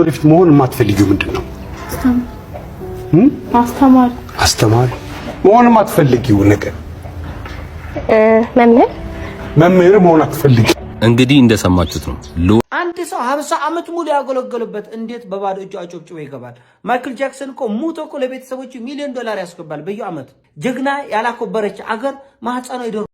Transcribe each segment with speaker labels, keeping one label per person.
Speaker 1: ወደፊት መሆን የማትፈልጊው ምንድን ነው? አስተማሪ አስተማሪ መሆን የማትፈልጊው ነገር መምህር መምህር መሆን አትፈልጊ።
Speaker 2: እንግዲህ እንደሰማችሁት ነው። አንድ ሰው ሀምሳ ዓመት ሙሉ ያገለገለበት እንዴት በባዶ እጁ አጨብጭቦ ይገባል? ማይክል ጃክሰን እኮ ሙቶ እኮ ለቤተሰቦቹ ሚሊዮን ዶላር ያስገባል በየዓመት። ጀግና ያላከበረች አገር ማህፀኗ ይደር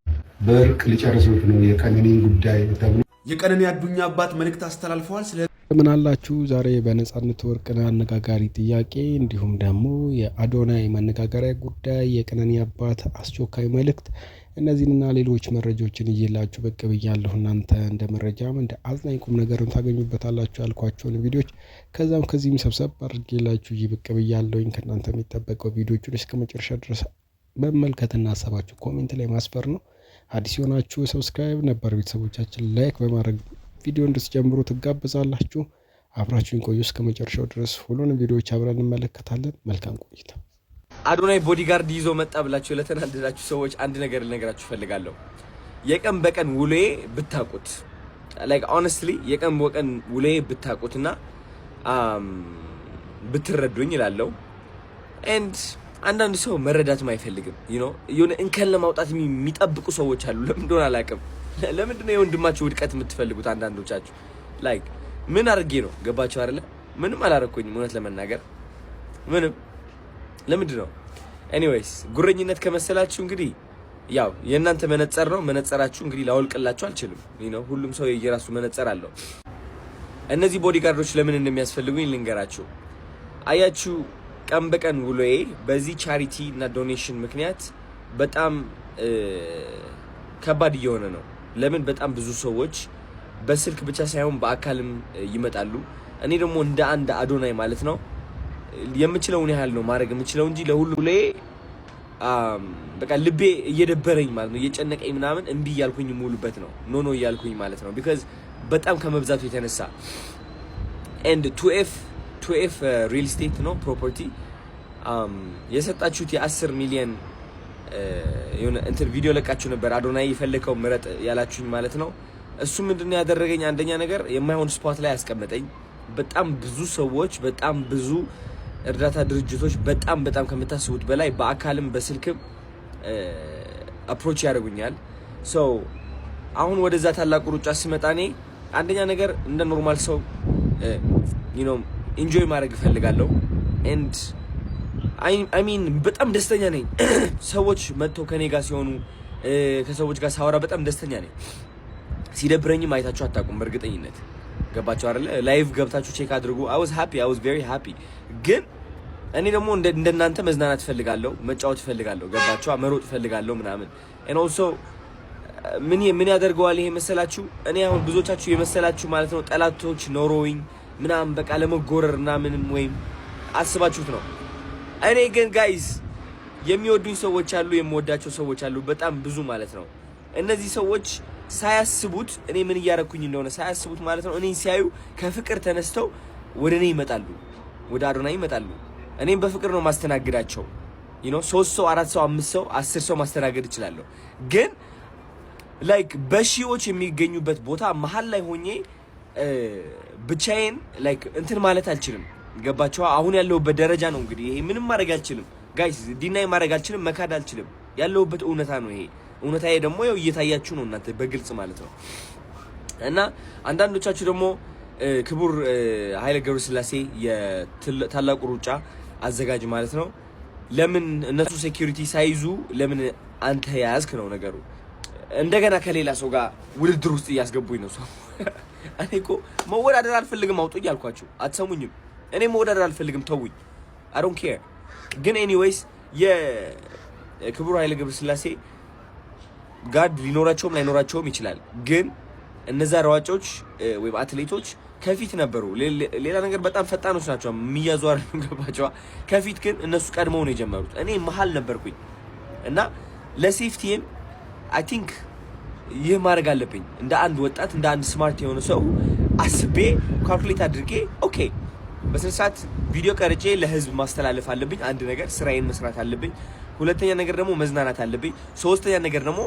Speaker 2: በእርቅ ሊጨርሱት ነው የቀነኒን ጉዳይ ተብሎ የቀነኒ አዱኛ አባት መልእክት አስተላልፈዋል ስለ ምን አላችሁ ዛሬ በነጻነት ወርቅን አነጋጋሪ ጥያቄ እንዲሁም ደግሞ የአዶናይ መነጋገሪያ ጉዳይ የቀነኒ አባት አስቸኳይ መልእክት እነዚህንና ሌሎች መረጃዎችን እየላችሁ ብቅ ብያለሁ። እናንተ እንደ መረጃም እንደ አዝናኝ ቁም ነገርም ታገኙበታላችሁ ያልኳቸውን ቪዲዮች ከዛም ከዚህም ሰብሰብ አድርጌላችሁ ይህ ብቅ ብያለሁኝ። ከእናንተ የሚጠበቀው ቪዲዮቹን እስከ መጨረሻ ድረስ መመልከትና ሀሳባችሁ ኮሜንት ላይ ማስፈር ነው። አዲስ የሆናችሁ ሰብስክራይብ፣ ነበር ቤተሰቦቻችን ላይክ በማድረግ ቪዲዮ እንድትጀምሩ ትጋብዛላችሁ። አብራችሁን ቆዩ እስከ መጨረሻው ድረስ። ሁሉንም ቪዲዮዎች አብረን እንመለከታለን። መልካም ቆይታ። አዶናይ ቦዲጋርድ ይዞ መጣ ብላችሁ ለተናደዳችሁ ሰዎች አንድ ነገር ልነግራችሁ እፈልጋለሁ። የቀን በቀን ውሎዬ ብታቁት ላይክ ኦነስትሊ የቀን በቀን ውሎዬ ብታቁትና ብትረዱኝ ይላለው ኤንድ አንዳንድ ሰው መረዳትም አይፈልግም። የሆነ እንከን ለማውጣት የሚጠብቁ ሰዎች አሉ። ለምን እንደሆነ አላውቅም። ለምንድነው ነው የወንድማችሁ ውድቀት የምትፈልጉት? አንዳንዶቻችሁ ላይክ ምን አድርጌ ነው ገባችሁ አይደለ? ምንም አላረኩኝም፣ እውነት ለመናገር ምንም። ለምንድን ነው ኤኒዌይስ፣ ጉረኝነት ከመሰላችሁ እንግዲህ ያው የእናንተ መነጸር ነው። መነጸራችሁ እንግዲህ ላወልቅላችሁ አልችልም ነው። ሁሉም ሰው የየራሱ መነጸር አለው። እነዚህ ቦዲጋርዶች ለምን እንደሚያስፈልጉኝ ልንገራችሁ። አያችሁ ቀን በቀን ውሎዬ በዚህ ቻሪቲ እና ዶኔሽን ምክንያት በጣም ከባድ እየሆነ ነው። ለምን በጣም ብዙ ሰዎች በስልክ ብቻ ሳይሆን በአካልም ይመጣሉ። እኔ ደግሞ እንደ አንድ አዶናይ ማለት ነው የምችለውን ያህል ነው ማድረግ የምችለው እንጂ ለሁሉ ላይ በቃ ልቤ እየደበረኝ ማለት ነው እየጨነቀኝ ምናምን እምቢ እያልኩኝ ሙሉበት ነው ኖኖ እያልኩኝ ማለት ነው ቢካዝ በጣም ከመብዛቱ የተነሳ ኤንድ ቱኤፍ ቱኤፍ ሪል ስቴት ነው ፕሮፐርቲ የሰጣችሁት የአስር ሚሊየን የሆነ እንትን ቪዲዮ ለቃችሁ ነበር። አዶናይ የፈለከው ምረጥ ያላችሁኝ ማለት ነው። እሱ ምንድነው ያደረገኝ? አንደኛ ነገር የማይሆን ስፖት ላይ ያስቀመጠኝ። በጣም ብዙ ሰዎች፣ በጣም ብዙ እርዳታ ድርጅቶች በጣም በጣም ከምታስቡት በላይ በአካልም በስልክም አፕሮች ያደርጉኛል። ሰው አሁን ወደዛ ታላቁ ሩጫ ሲመጣ እኔ አንደኛ ነገር እንደ ኖርማል ሰው ኢንጆይ ማድረግ እፈልጋለሁ ኤንድ አይሚን በጣም ደስተኛ ነኝ። ሰዎች መጥተው ከኔ ጋር ሲሆኑ ከሰዎች ጋር ሳወራ በጣም ደስተኛ ነኝ። ሲደብረኝም አይታችሁ አታውቁም በእርግጠኝነት ገባችሁ አይደለ? ላይቭ ገብታችሁ ቼክ አድርጉ። አይ ዋዝ ሃፒ አይ ዋዝ ቬሪ ሃፒ። ግን እኔ ደግሞ እንደናንተ መዝናናት ፈልጋለሁ፣ መጫወት ፈልጋለሁ፣ ገባችሁ? መሮጥ ፈልጋለሁ ምናምን and ምን ምን ያደርገዋል ይሄ መሰላችሁ? እኔ አሁን ብዙዎቻችሁ የመሰላችሁ ማለት ነው ጠላቶች ኖሮዊኝ ምናምን በቃ ለመጎረር ምናምንም ወይም አስባችሁት ነው እኔ ግን ጋይዝ የሚወዱኝ ሰዎች አሉ፣ የምወዳቸው ሰዎች አሉ፣ በጣም ብዙ ማለት ነው። እነዚህ ሰዎች ሳያስቡት እኔ ምን እያረኩኝ እንደሆነ ሳያስቡት ማለት ነው፣ እኔ ሲያዩ ከፍቅር ተነስተው ወደ እኔ ይመጣሉ፣ ወደ አዶና ይመጣሉ። እኔም በፍቅር ነው ማስተናግዳቸው። ነው ሶስት ሰው፣ አራት ሰው፣ አምስት ሰው፣ አስር ሰው ማስተናገድ እችላለሁ። ግን ላይክ በሺዎች የሚገኙበት ቦታ መሀል ላይ ሆኜ ብቻዬን ላይክ እንትን ማለት አልችልም። ገባቸው። አሁን ያለሁበት ደረጃ ነው እንግዲህ ይሄ። ምንም ማድረግ አልችልም ጋይስ፣ ዲናይ ማድረግ አልችልም፣ መካድ አልችልም። ያለሁበት እውነታ ነው ይሄ። እውነታዬ ደግሞ ያው እየታያችሁ ነው እናንተ በግልጽ ማለት ነው። እና አንዳንዶቻችሁ ደግሞ ክቡር ኃይለ ገብረስላሴ የታላቁ ሩጫ አዘጋጅ ማለት ነው፣ ለምን እነሱ ሴኩሪቲ ሳይዙ ለምን አንተ ያዝክ ነው ነገሩ። እንደገና ከሌላ ሰው ጋር ውድድር ውስጥ እያስገቡኝ ነው ሰው። እኔ እኮ መወዳደር አልፈልግም አውጡ እያልኳችሁ አትሰሙኝም። እኔ መወዳደር አልፈልግም፣ ተውኝ። አይ ዶንት ኬር። ግን ኤኒዌይስ የክቡር ኃይለ ስላሴ ጋርድ ሊኖራቸውም ላይኖራቸውም ይችላል። ግን እነዛ ሯጮች ወይም አትሌቶች ከፊት ነበሩ። ሌላ ነገር በጣም ፈጣኖች ናቸው፣ የሚያዙ ገባቸዋ። ከፊት ግን እነሱ ቀድመው ነው የጀመሩት። እኔ መሀል ነበርኩኝ እና ለሴፍቲም አይ ቲንክ ይህ ማድረግ አለብኝ እንደ አንድ ወጣት እንደ አንድ ስማርት የሆነ ሰው አስቤ ካልኩሌት አድርጌ ኦኬ በስንት ሰዓት ቪዲዮ ቀርጬ ለህዝብ ማስተላለፍ አለብኝ? አንድ ነገር ስራዬን መስራት አለብኝ። ሁለተኛ ነገር ደግሞ መዝናናት አለብኝ። ሶስተኛ ነገር ደግሞ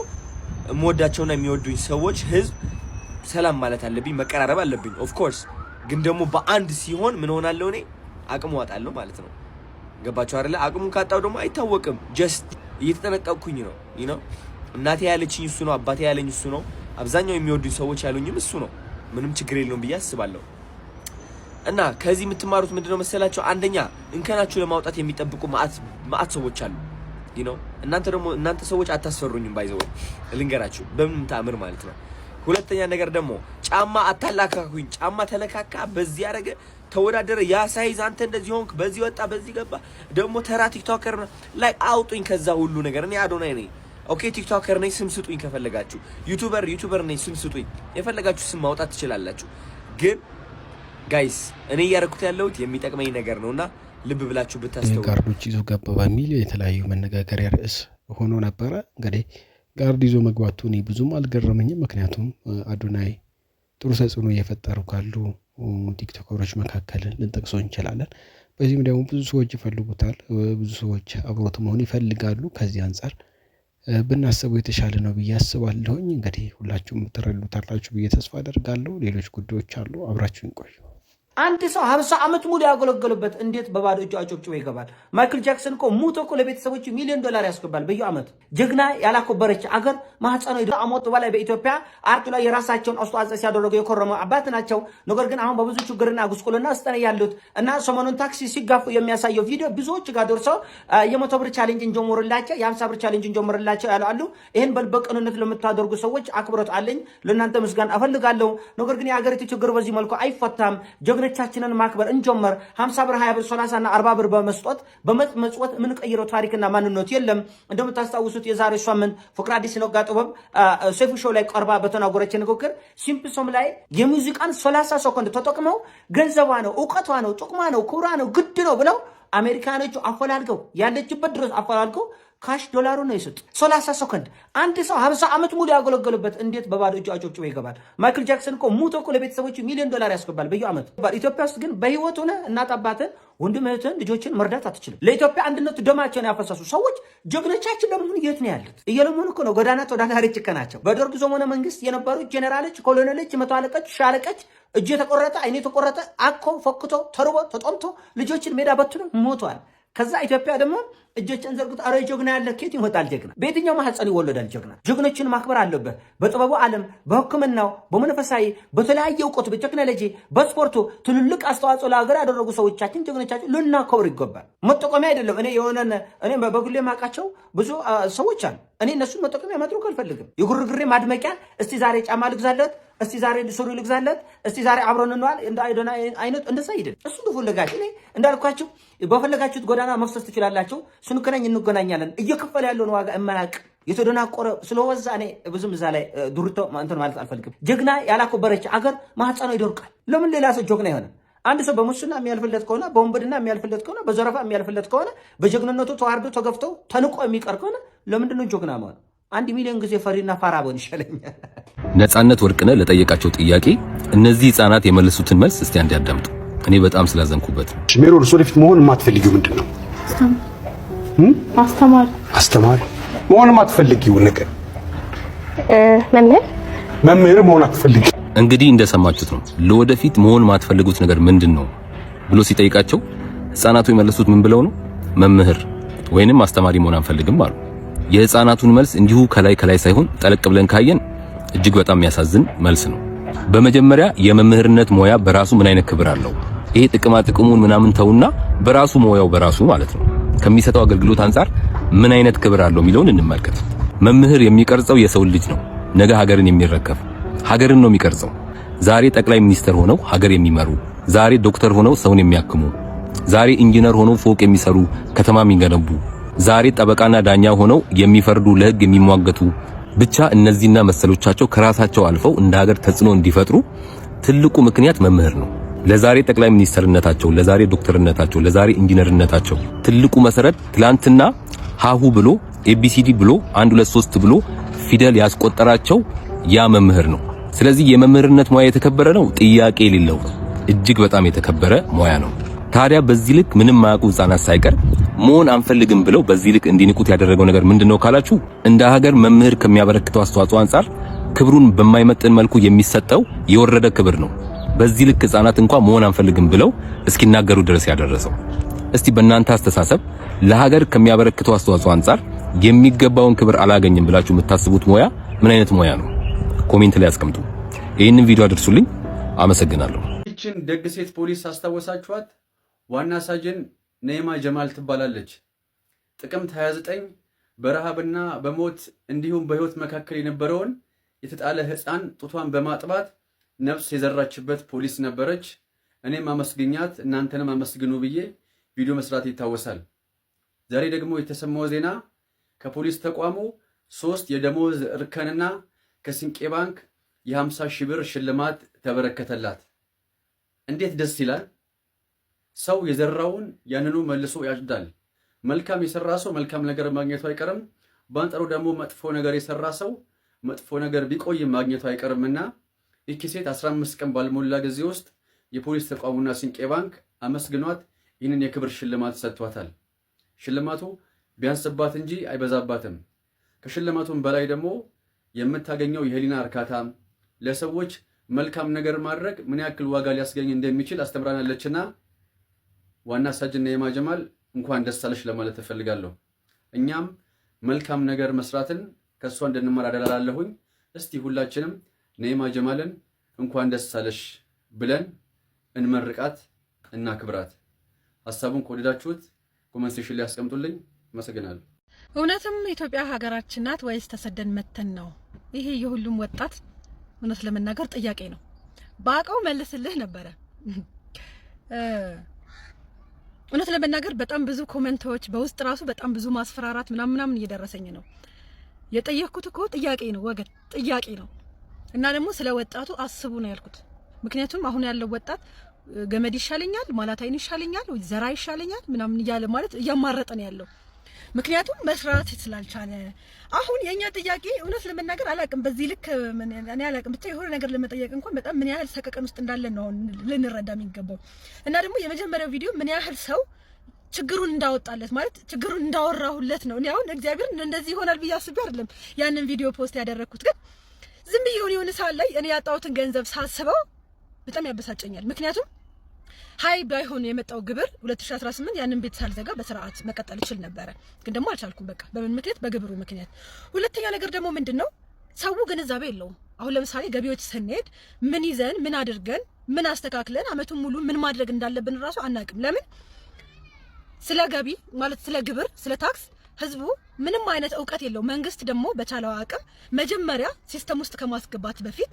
Speaker 2: የምወዳቸውና የሚወዱኝ ሰዎች ህዝብ ሰላም ማለት አለብኝ፣ መቀራረብ አለብኝ። ኦፍኮርስ ግን ደግሞ በአንድ ሲሆን ምን ሆናለሁ? እኔ አቅሙ አጣለሁ ማለት ነው። ገባቸው አይደለ? አቅሙን ካጣው ደግሞ አይታወቅም። ጀስት እየተጠነቀቅኩኝ ነው ነው እናቴ ያለችኝ እሱ ነው። አባቴ ያለኝ እሱ ነው። አብዛኛው የሚወዱኝ ሰዎች ያሉኝም እሱ ነው። ምንም ችግር የለውም ብዬ አስባለሁ። እና ከዚህ የምትማሩት ምንድነው መሰላቸው? አንደኛ እንከናችሁ ለማውጣት የሚጠብቁ ማአት ሰዎች አሉ ነው። እናንተ ደግሞ እናንተ ሰዎች አታስፈሩኝም፣ ባይዘወ ልንገራችሁ፣ በምንም ተአምር ማለት ነው። ሁለተኛ ነገር ደግሞ ጫማ አታላካኩኝ። ጫማ ተለካካ፣ በዚህ ያደረገ ተወዳደረ፣ ያ ሳይዝ፣ አንተ እንደዚህ ሆንክ፣ በዚህ ወጣ፣ በዚህ ገባ። ደግሞ ተራ ቲክቶከር ላይ አውጡኝ ከዛ ሁሉ ነገር። እኔ አዶናይ ነኝ። ኦኬ ቲክቶከር ነኝ፣ ስም ስጡኝ። ከፈለጋችሁ ዩቱበር ዩቱበር ነኝ፣ ስም ስጡኝ። የፈለጋችሁ ስም ማውጣት ትችላላችሁ ግን ጋይስ እኔ እያደረኩት ያለሁት የሚጠቅመኝ ነገር ነውና ልብ ብላችሁ ብታስተው ጋርዶች ይዞ ገባ በሚል የተለያዩ መነጋገሪያ ርዕስ ሆኖ ነበረ። እንግዲህ ጋርድ ይዞ መግባቱ እኔ ብዙም አልገረመኝም። ምክንያቱም አዶናይ ጥሩ ተጽዕኖ እየፈጠሩ ካሉ ቲክቶከሮች መካከል ልንጠቅሶ እንችላለን። በዚህም ደግሞ ብዙ ሰዎች ይፈልጉታል፣ ብዙ ሰዎች አብሮት መሆን ይፈልጋሉ። ከዚህ አንጻር ብናስበው የተሻለ ነው ብዬ አስባለሁኝ። እንግዲህ ሁላችሁም ትረዱታላችሁ ብዬ ተስፋ አደርጋለሁ። ሌሎች ጉዳዮች አሉ፣ አብራችሁ ቆዩ። አንድ ሰው ሀምሳ ዓመት ሙሉ ያገለገለበት እንዴት በባዶ እጁ አጨብጭቦ ይገባል? ማይክል ጃክሰን እኮ ሙቶ እኮ ለቤተሰቦቹ ሚሊዮን ዶላር ያስገባል በየዓመት። ጀግና ያላከበረች አገር ማህፀኖ አሞጥ በላይ በኢትዮጵያ አርቱ ላይ የራሳቸውን አስተዋጽኦ ሲያደረጉ የኮረመው አባት ናቸው። ነገር ግን አሁን በብዙ ችግርና ጉስቁልና ውስጥ ያሉት እና ሰሞኑን ታክሲ ሲጋፉ የሚያሳየው ቪዲዮ ብዙዎች ጋር ደርሰው የመቶ ብር ቻሌንጅ እንጀምርላቸው፣ የሀምሳ ብር ቻሌንጅ እንጀምርላቸው ያሉ አሉ። ይህን በልበቅንነት ለምታደርጉ ሰዎች አክብሮት አለኝ፣ ለእናንተ ምስጋና እፈልጋለሁ። ነገር ግን የአገሪቱ ችግር በዚህ መልኩ አይፈታም። ጀግኖች ልጆቻችንን ማክበር እንጀመር። 50 ብር፣ 20 ብር፣ 30 እና 40 ብር በመስጠት በመጽወት የምንቀይረው ታሪክና ማንነት የለም። እንደምታስታውሱት የዛሬ ሳምንት ፍቅር አዲስ ነጋ ጥበብ ሴፉ ሾው ላይ ቀርባ በተናገረች ንግግር ሲምፕሶም ላይ የሙዚቃን 30 ሰኮንድ ተጠቅመው ገንዘቧ ነው፣ እውቀቷ ነው፣ ጥቅሟ ነው፣ ክብሯ ነው፣ ግድ ነው ብለው አሜሪካኖቹ አፈላልገው ያለችበት ድረስ አፈላልገው ካሽ ዶላሩ ነው የሰጡ። ሰላሳ ሰኮንድ አንድ ሰው ሀምሳ ዓመት ሙሉ ያገለገሉበት እንዴት በባዶ እጁ አጨብጭቦ ይገባል? ማይክል ጃክሰን እኮ ሙቶ እኮ ለቤተሰቦች ሚሊዮን ዶላር ያስገባል በየ ዓመት። ኢትዮጵያ ውስጥ ግን በህይወት ሆነ እናት አባትን፣ ወንድም እህትን፣ ልጆችን መርዳት አትችልም። ለኢትዮጵያ አንድነቱ ደማቸውን ያፈሰሱ ሰዎች ጀግኖቻችን ለመሆኑ የት ነው ያሉት? እየለመኑ እኮ ነው ጎዳና ተወዳዳሪ ጭከ ናቸው። በደርግ ዘመነ መንግስት የነበሩ ጄኔራሎች፣ ኮሎኔሎች፣ መቶ አለቀች፣ ሻለቀች እጅ የተቆረጠ አይን የተቆረጠ አኮ ፈክቶ ተርቦ ተጠምቶ ልጆችን ሜዳ በትኖ ሞቷል። ከዛ ኢትዮጵያ ደግሞ እጆችን ዘርጉት። አረ ጀግና ያለ ኬት ይወጣል? ጀግና በየትኛው ማህፀን ይወለዳል? ጀግና ጀግኖችን ማክበር አለበት። በጥበቡ ዓለም፣ በሕክምናው፣ በመንፈሳዊ፣ በተለያየ እውቀቱ፣ በቴክኖሎጂ፣ በስፖርቱ ትልልቅ አስተዋጽኦ ለሀገር ያደረጉ ሰዎቻችን ጀግኖቻችን ልናከብር ይገባል። መጠቆሚያ አይደለም። እኔ የሆነ እኔ በግሌ የማውቃቸው ብዙ ሰዎች አሉ። እኔ እነሱን መጠቆሚያ ማድረግ አልፈልግም። የጉርግሬ ማድመቂያ እስቲ ዛሬ ጫማ ልግዛለት እስቲ ዛሬ ሱሪ ልግዛለት፣ እስቲ ዛሬ አብረን እንዋል፣ እንደ አይዶና አይነት እንደዛ ይደል። እሱ እንደፈለጋችሁ እኔ እንዳልኳችሁ በፈለጋችሁት ጎዳና መፍሰስ ትችላላችሁ። ስንገናኝ እንገናኛለን። እየከፈለ ያለውን ዋጋ እመናቅ የተደናቆረ ስለወዛ እኔ ብዙም እዛ ላይ ዱርቶ እንትን ማለት አልፈልግም። ጀግና ያላከበረች አገር ማህፀኗ ይደርቃል። ለምን ሌላ ሰው ጀግና ይሆነ? አንድ ሰው በሙስና የሚያልፍለት ከሆነ በወንበድና የሚያልፍለት ከሆነ በዘረፋ የሚያልፍለት ከሆነ በጀግንነቱ ተዋርዶ ተገፍቶ ተንቆ የሚቀር ከሆነ ለምንድን ጀግና መሆን? አንድ ሚሊዮን ጊዜ ፈሪና ፋራ በሆን ይሻለኛል። ነፃነት ወርቅነ ለጠየቃቸው ጥያቄ እነዚህ ህፃናት የመለሱትን መልስ እስቲ አንድ ያዳምጡ። እኔ በጣም ስላዘንኩበት ሜሮን፣ እሱ ወደፊት መሆን የማትፈልጊው ምንድን ነው? አስተማሪ አስተማሪ መሆንም አትፈልጊው ነገር መምህር መምህር መሆን አትፈልጊ። እንግዲህ እንደሰማችሁት ነው። ለወደፊት መሆን ማትፈልጉት ነገር ምንድን ነው ብሎ ሲጠይቃቸው ህፃናቱ የመለሱት ምን ብለው ነው? መምህር ወይንም አስተማሪ መሆን አንፈልግም አሉ። የህፃናቱን መልስ እንዲሁ ከላይ ከላይ ሳይሆን ጠለቅ ብለን ካየን እጅግ በጣም የሚያሳዝን መልስ ነው። በመጀመሪያ የመምህርነት ሙያ በራሱ ምን አይነት ክብር አለው? ይሄ ጥቅማ ጥቅሙን ምናምን ተውና በራሱ ሙያው በራሱ ማለት ነው ከሚሰጠው አገልግሎት አንጻር ምን አይነት ክብር አለው የሚለውን እንመልከት። መምህር የሚቀርጸው የሰው ልጅ ነው። ነገ ሀገርን የሚረከብ ሀገርን ነው የሚቀርጸው። ዛሬ ጠቅላይ ሚኒስትር ሆነው ሀገር የሚመሩ፣ ዛሬ ዶክተር ሆነው ሰውን የሚያክሙ፣ ዛሬ ኢንጂነር ሆነው ፎቅ የሚሰሩ፣ ከተማ የሚገነቡ፣ ዛሬ ጠበቃና ዳኛ ሆነው የሚፈርዱ፣ ለህግ የሚሟገቱ ብቻ እነዚህና መሰሎቻቸው ከራሳቸው አልፈው እንደ ሀገር ተጽዕኖ እንዲፈጥሩ ትልቁ ምክንያት መምህር ነው። ለዛሬ ጠቅላይ ሚኒስተርነታቸው፣ ለዛሬ ዶክተርነታቸው፣ ለዛሬ ኢንጂነርነታቸው ትልቁ መሰረት ትላንትና ሀሁ ብሎ ኤቢሲዲ ብሎ አንድ ሁለት ሶስት ብሎ ፊደል ያስቆጠራቸው ያ መምህር ነው። ስለዚህ የመምህርነት ሙያ የተከበረ ነው፣ ጥያቄ የሌለው እጅግ በጣም የተከበረ ሙያ ነው። ታዲያ በዚህ ልክ ምንም ማያውቁ ህጻናት ሳይቀር መሆን አንፈልግም ብለው በዚህ ልክ እንዲንቁት ያደረገው ነገር ምንድነው ካላችሁ እንደ ሀገር መምህር ከሚያበረክተው አስተዋጽኦ አንጻር ክብሩን በማይመጥን መልኩ የሚሰጠው የወረደ ክብር ነው። በዚህ ልክ ህፃናት እንኳን መሆን አንፈልግም ብለው እስኪናገሩ ድረስ ያደረሰው። እስቲ በእናንተ አስተሳሰብ ለሀገር ከሚያበረክተው አስተዋጽኦ አንጻር የሚገባውን ክብር አላገኝም ብላችሁ የምታስቡት ሙያ ምን አይነት ሙያ ነው? ኮሜንት ላይ አስቀምጡ። ይህንን ቪዲዮ አድርሱልኝ። አመሰግናለሁ። ይችን ደግ ሴት ፖሊስ አስታወሳችኋት? ዋና ሳጅን ነይማ ጀማል ትባላለች። ጥቅምት 29 በረሃብና በሞት እንዲሁም በህይወት መካከል የነበረውን የተጣለ ህፃን ጡቷን በማጥባት ነፍስ የዘራችበት ፖሊስ ነበረች። እኔም አመስግኛት እናንተንም አመስግኑ ብዬ ቪዲዮ መስራት ይታወሳል። ዛሬ ደግሞ የተሰማው ዜና ከፖሊስ ተቋሙ ሶስት የደሞዝ እርከንና ከስንቄ ባንክ የ50 ሺህ ብር ሽልማት ተበረከተላት። እንዴት ደስ ይላል! ሰው የዘራውን ያንኑ መልሶ ያጭዳል። መልካም የሰራ ሰው መልካም ነገር ማግኘቱ አይቀርም። በአንጻሩ ደግሞ መጥፎ ነገር የሰራ ሰው መጥፎ ነገር ቢቆይም ማግኘቱ አይቀርምና ይቺ ሴት 15 ቀን ባልሞላ ጊዜ ውስጥ የፖሊስ ተቋሙና ሲንቄ ባንክ አመስግኗት ይህንን የክብር ሽልማት ሰጥቷታል። ሽልማቱ ቢያንስባት እንጂ አይበዛባትም። ከሽልማቱም በላይ ደግሞ የምታገኘው የህሊና እርካታ ለሰዎች መልካም ነገር ማድረግ ምን ያክል ዋጋ ሊያስገኝ እንደሚችል አስተምራናለችና ዋና ሳጅና የማጀማል እንኳን ደስ አለሽ ለማለት እፈልጋለሁ። እኛም መልካም ነገር መስራትን ከእሷ እንድንማር አደራላለሁኝ። እስቲ ሁላችንም ነይማ ጀማልን እንኳን ደስ አለሽ ብለን እንመርቃት እና ክብራት። ሀሳቡን ከወደዳችሁት ኮመንት ሴክሽን ላይ ያስቀምጡልኝ። አመሰግናለሁ። እውነትም ኢትዮጵያ ሀገራችን ናት ወይስ ተሰደን መተን ነው? ይሄ የሁሉም ወጣት እውነት ለመናገር ጥያቄ ነው። በአቀው መልስልህ ነበረ። እውነት ለመናገር በጣም ብዙ ኮመንቶች በውስጥ ራሱ በጣም ብዙ ማስፈራራት ምናምን ምናምን እየደረሰኝ ነው። የጠየቅኩት እኮ ጥያቄ ነው ወገን፣ ጥያቄ ነው። እና ደግሞ ስለ ወጣቱ አስቡ ነው ያልኩት። ምክንያቱም አሁን ያለው ወጣት ገመድ ይሻለኛል፣ ማላታይን ይሻለኛል፣ ዘራ ይሻለኛል ምናምን እያለ ማለት እያማረጠ ነው ያለው ምክንያቱም መስራት ስላልቻለ አሁን የኛ ጥያቄ እውነት ለመናገር አላቅም፣ በዚህ ልክ እኔ አላቅም። ብቻ የሆነ ነገር ለመጠየቅ እንኳን በጣም ምን ያህል ሰቀቀን ውስጥ እንዳለን ነው ልንረዳ የሚገባው። እና ደግሞ የመጀመሪያው ቪዲዮ ምን ያህል ሰው ችግሩን እንዳወጣለት ማለት ችግሩን እንዳወራሁለት ነው። እኔ አሁን እግዚአብሔር እንደዚህ ይሆናል ብዬ አስቤ አይደለም ያንን ቪዲዮ ፖስት ያደረግኩት ግን ዝም ብዬ የሆነ ሰዓት ላይ እኔ ያጣሁትን ገንዘብ ሳስበው በጣም ያበሳጨኛል። ምክንያቱም ሀይ ባይሆን የመጣው ግብር 2018 ያንን ቤት ሳልዘጋ በስርዓት መቀጠል እችል ነበረ፣ ግን ደግሞ አልቻልኩም። በቃ በምን ምክንያት? በግብሩ ምክንያት። ሁለተኛ ነገር ደግሞ ምንድን ነው ሰው ግንዛቤ የለውም። አሁን ለምሳሌ ገቢዎች ስንሄድ ምን ይዘን ምን አድርገን ምን አስተካክለን አመቱን ሙሉ ምን ማድረግ እንዳለብን እራሱ አናውቅም። ለምን ስለ ገቢ ማለት ስለ ግብር ስለ ታክስ ህዝቡ ምንም አይነት እውቀት የለው። መንግስት ደግሞ በቻለው አቅም መጀመሪያ ሲስተም ውስጥ ከማስገባት በፊት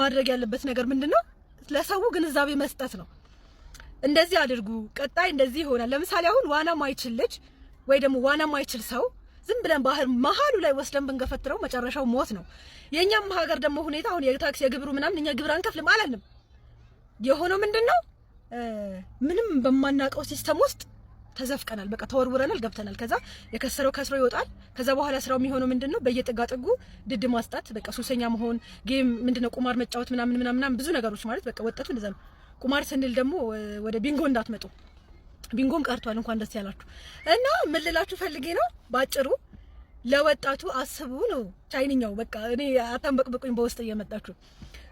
Speaker 2: ማድረግ ያለበት ነገር ምንድነው? ለሰው ግንዛቤ መስጠት ነው። እንደዚህ አድርጉ፣ ቀጣይ እንደዚህ ይሆናል። ለምሳሌ አሁን ዋና ማይችል ልጅ ወይ ደግሞ ዋና ማይችል ሰው ዝም ብለን ባህር መሀሉ ላይ ወስደን ብንገፈትረው መጨረሻው ሞት ነው። የእኛም ሀገር ደግሞ ሁኔታ አሁን የታክስ የግብሩ ምናምን እኛ ግብር አንከፍልም አላልንም። የሆነው ምንድን ነው ምንም በማናውቀው ሲስተም ውስጥ ተዘፍቀናል። በቃ ተወርውረናል፣ ገብተናል። ከዛ የከሰረው ከስሮ ይወጣል። ከዛ በኋላ ስራው የሚሆነው ምንድነው? በየጥጋጥጉ ድድ ማስጣት፣ በቃ ሱሰኛ መሆን፣ ጌም ምንድነው ቁማር መጫወት ምናምን ምናምን ብዙ ነገሮች ማለት በቃ ወጣቱ እንደዛ ነው። ቁማር ስንል ደግሞ ወደ ቢንጎ እንዳትመጡ፣ ቢንጎም ቀርቷል። እንኳን ደስ ያላችሁ። እና ምን ልላችሁ ፈልጌ ነው ባጭሩ ለወጣቱ አስቡ ነው ቻይንኛው። በቃ እኔ አታንበቅበቁኝ በውስጥ እየመጣችሁ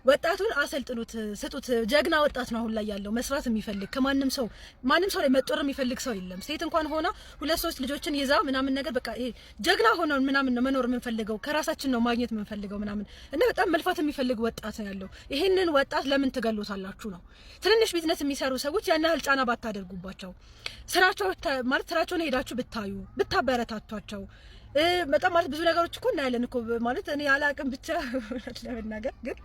Speaker 2: ወጣቱን አሰልጥኑት፣ ስጡት። ጀግና ወጣት ነው አሁን ላይ ያለው መስራት የሚፈልግ ከማንም ሰው ማንም ሰው ላይ መጦር የሚፈልግ ሰው የለም። ሴት እንኳን ሆና ሁለት ሶስት ልጆችን ይዛ ምናምን ነገር በቃ ጀግና ሆነ ምናምን ነው መኖር የምንፈልገው ከራሳችን ነው ማግኘት የምንፈልገው ምናምን እና በጣም መልፋት የሚፈልግ ወጣት ነው ያለው። ይህንን ወጣት ለምን ትገሉታላችሁ ነው። ትንንሽ ቢዝነስ የሚሰሩ ሰዎች ያን ያህል ጫና ባታደርጉባቸው፣ ስራቸው ማለት ስራቸውን ሄዳችሁ ብታዩ ብታበረታቷቸው በጣም ማለት ብዙ ነገሮች እኮ እናያለን እኮ ማለት እኔ አላቅም ብቻ ለመናገር ግን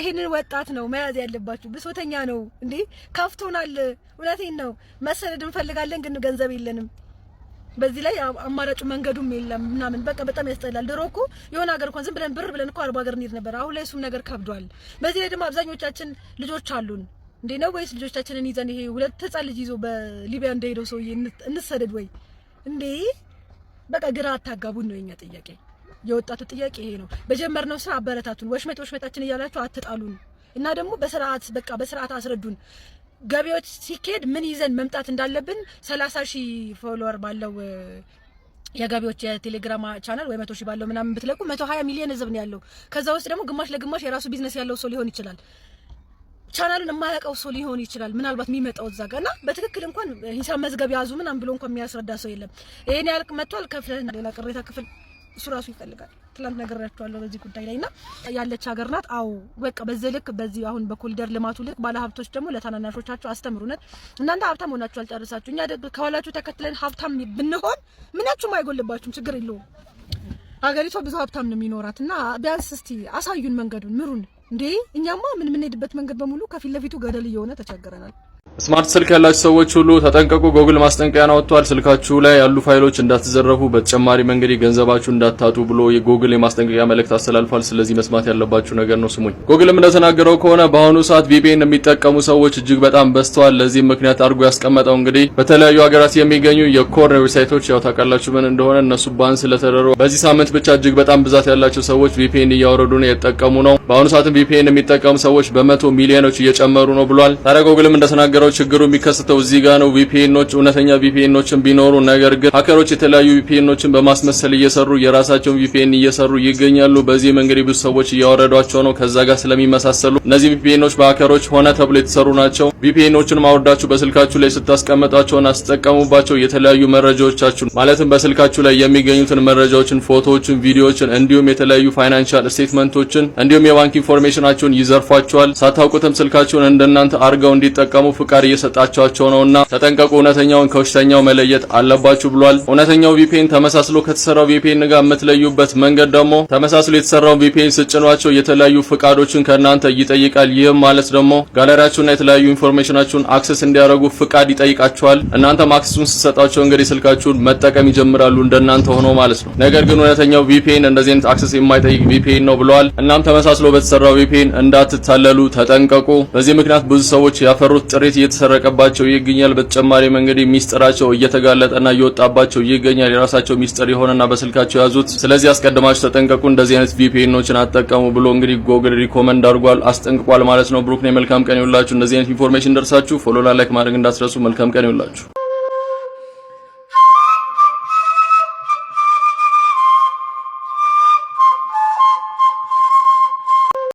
Speaker 2: ይህንን ወጣት ነው መያዝ ያለባችሁ። ብሶተኛ ነው እንዴ ካፍቶናል። እውነቴን ነው። መሰደድ እንፈልጋለን ግን ገንዘብ የለንም። በዚህ ላይ አማራጩ መንገዱም የለም ምናምን በቃ በጣም ያስጠላል። ድሮ እኮ የሆነ ሀገር እንኳን ዝም ብለን ብር ብለን እኮ አርባ ሀገር እንሄድ ነበር። አሁን ላይ እሱም ነገር ከብዷል። በዚህ ላይ ደግሞ አብዛኞቻችን ልጆች አሉን እንዴ ነው ወይስ ልጆቻችንን ይዘን ይሄ ሁለት ህፃን ልጅ ይዞ በሊቢያ እንደሄደው ሰውዬ እንሰደድ ወይ እንዴ? በቃ ግራ አታጋቡን ነው የኛ ጥያቄ። የወጣቱ ጥያቄ ይሄ ነው። በጀመርነው ስራ አበረታቱን፣ ወሽመጥ ወሽመጣችን እያላችሁ አትጣሉን እና ደግሞ በስርዓት በቃ በስርዓት አስረዱን። ገቢዎች ሲካሄድ ምን ይዘን መምጣት እንዳለብን 30 ሺህ ፎሎወር ባለው የገቢዎች የቴሌግራም ቻናል ወይ መቶ ሺህ ባለው ምናምን ብትለቁ መቶ ሀያ ሚሊዮን ህዝብ ነው ያለው። ከዛ ውስጥ ደግሞ ግማሽ ለግማሽ የራሱ ቢዝነስ ያለው ሰው ሊሆን ይችላል። ቻናሉን የማያውቀው ሰው ሊሆን ይችላል። ምናልባት የሚመጣው እዛ ጋር እና በትክክል እንኳን ሂሳብ መዝገብ ያዙ ምናምን ብሎ እንኳን የሚያስረዳ ሰው የለም። ይሄን ያልቅ መጥቷል ከፍለህና ሌላ ቅሬታ ክፍል እሱ ራሱ ይፈልጋል። ትላንት ነግሬያቸዋለሁ በዚህ ጉዳይ ላይ እና ያለች ሀገር ናት። አዎ በቃ በዚህ ልክ በዚህ አሁን በኮሊደር ልማቱ ልክ ሀብቶች ደግሞ ለታናናሾቻቸው አስተምሩነት። እናንተ ሀብታም ሆናችሁ አልጨርሳችሁ፣ እኛ ከኋላችሁ ተከትለን ሀብታም ብንሆን ምናችሁም አይጎልባችሁም፣ ችግር የለውም። ሀገሪቷ ብዙ ሀብታም ነው የሚኖራት እና ቢያንስ እስቲ አሳዩን መንገዱን ምሩን። እንዴ እኛማ ምን የምንሄድበት መንገድ በሙሉ ከፊት ለፊቱ ገደል እየሆነ ተቸግረናል። ስማርት ስልክ ያላችሁ ሰዎች ሁሉ ተጠንቀቁ። ጎግል ማስጠንቀቂያን አወጥቷል። ስልካችሁ ላይ ያሉ ፋይሎች እንዳትዘረፉ፣ በተጨማሪም መንገድ ገንዘባችሁ እንዳታጡ ብሎ የጎግል የማስጠንቀቂያ መልእክት አስተላልፏል። ስለዚህ መስማት ያለባችሁ ነገር ነው። ስሙኝ። ጎግልም እንደተናገረው ከሆነ በአሁኑ ሰዓት ቪፒኤን የሚጠቀሙ ሰዎች እጅግ በጣም በዝተዋል። ለዚህም ምክንያት አድርጎ ያስቀመጠው እንግዲህ በተለያዩ ሀገራት የሚገኙ የኮር ዌብሳይቶች ያው ታውቃላችሁ ምን እንደሆነ እነሱ ባን ስለተደረሩ በዚህ ሳምንት ብቻ እጅግ በጣም ብዛት ያላቸው ሰዎች ቪፒኤን እያወረዱ ነው የጠቀሙ ነው። በአሁኑ ሰዓትም ቪፒኤን የሚጠቀሙ ሰዎች በመቶ ሚሊዮኖች እየጨመሩ ነው ብሏል። ታዲያ ጎግልም እንደተናገረው የሚጀምረው ችግሩ የሚከሰተው እዚህ ጋር ነው። ቪፒኤኖች እውነተኛ ቪፒኤኖችን ቢኖሩ፣ ነገር ግን ሀከሮች የተለያዩ ቪፒኤኖችን በማስመሰል እየሰሩ የራሳቸውን ቪፒኤን እየሰሩ ይገኛሉ። በዚህም እንግዲህ ብዙ ሰዎች እያወረዷቸው ነው ከዛ ጋር ስለሚመሳሰሉ። እነዚህ ቪፒኤኖች በሀከሮች ሆነ ተብሎ የተሰሩ ናቸው። ቪፒኤኖችን ማውርዳችሁ በስልካችሁ ላይ ስታስቀመጣቸውን አስጠቀሙባቸው። የተለያዩ መረጃዎቻችሁን ማለትም በስልካችሁ ላይ የሚገኙትን መረጃዎችን፣ ፎቶዎችን፣ ቪዲዮዎችን እንዲሁም የተለያዩ ፋይናንሻል ስቴትመንቶችን እንዲሁም የባንክ ኢንፎርሜሽናችሁን ይዘርፏቸዋል። ሳታውቁትም ስልካችሁን እንደናንተ አድርገው እንዲጠቀሙ ፍቃድ አማካሪ እየሰጣቸዋቸው ነውና ተጠንቀቁ። እውነተኛውን ከውሽተኛው መለየት አለባችሁ ብሏል። እውነተኛው ቪፒኤን ተመሳስሎ ከተሰራው ቪፒኤን ጋር የምትለዩበት መንገድ ደግሞ ተመሳስሎ የተሰራውን ቪፒኤን ስጭኗቸው የተለያዩ ፍቃዶችን ከእናንተ ይጠይቃል። ይህም ማለት ደግሞ ጋለሪያችሁና የተለያዩ ኢንፎርሜሽናችሁን አክሰስ እንዲያደርጉ ፍቃድ ይጠይቃቸዋል። እናንተም አክሰሱን ስትሰጣቸው እንግዲህ ስልካችሁን መጠቀም ይጀምራሉ እንደናንተ ሆኖ ማለት ነው። ነገር ግን እውነተኛው ቪፒኤን እንደዚህ አይነት አክሰስ የማይጠይቅ ቪፒኤን ነው ብለዋል። እናም ተመሳስሎ በተሰራው ቪፒኤን እንዳትታለሉ ተጠንቀቁ። በዚህ ምክንያት ብዙ ሰዎች ያፈሩት ጥሪት እየተሰረቀባቸው ይገኛል። በተጨማሪም እንግዲህ ሚስጥራቸው እየተጋለጠና እየወጣባቸው ይገኛል። የራሳቸው ሚስጥር የሆነና በስልካቸው ያዙት። ስለዚህ አስቀድማችሁ ተጠንቀቁ፣ እንደዚህ አይነት ቪፒኤኖችን አጠቀሙ ብሎ እንግዲህ ጎግል ሪኮመንድ አድርጓል፣ አስጠንቅቋል ማለት ነው። ብሩክ ነኝ። መልካም ቀን ይውላችሁ። እንደዚህ አይነት ኢንፎርሜሽን ደርሳችሁ ፎሎ ላይክ ማድረግ እንዳትረሱ። መልካም ቀን ይውላችሁ።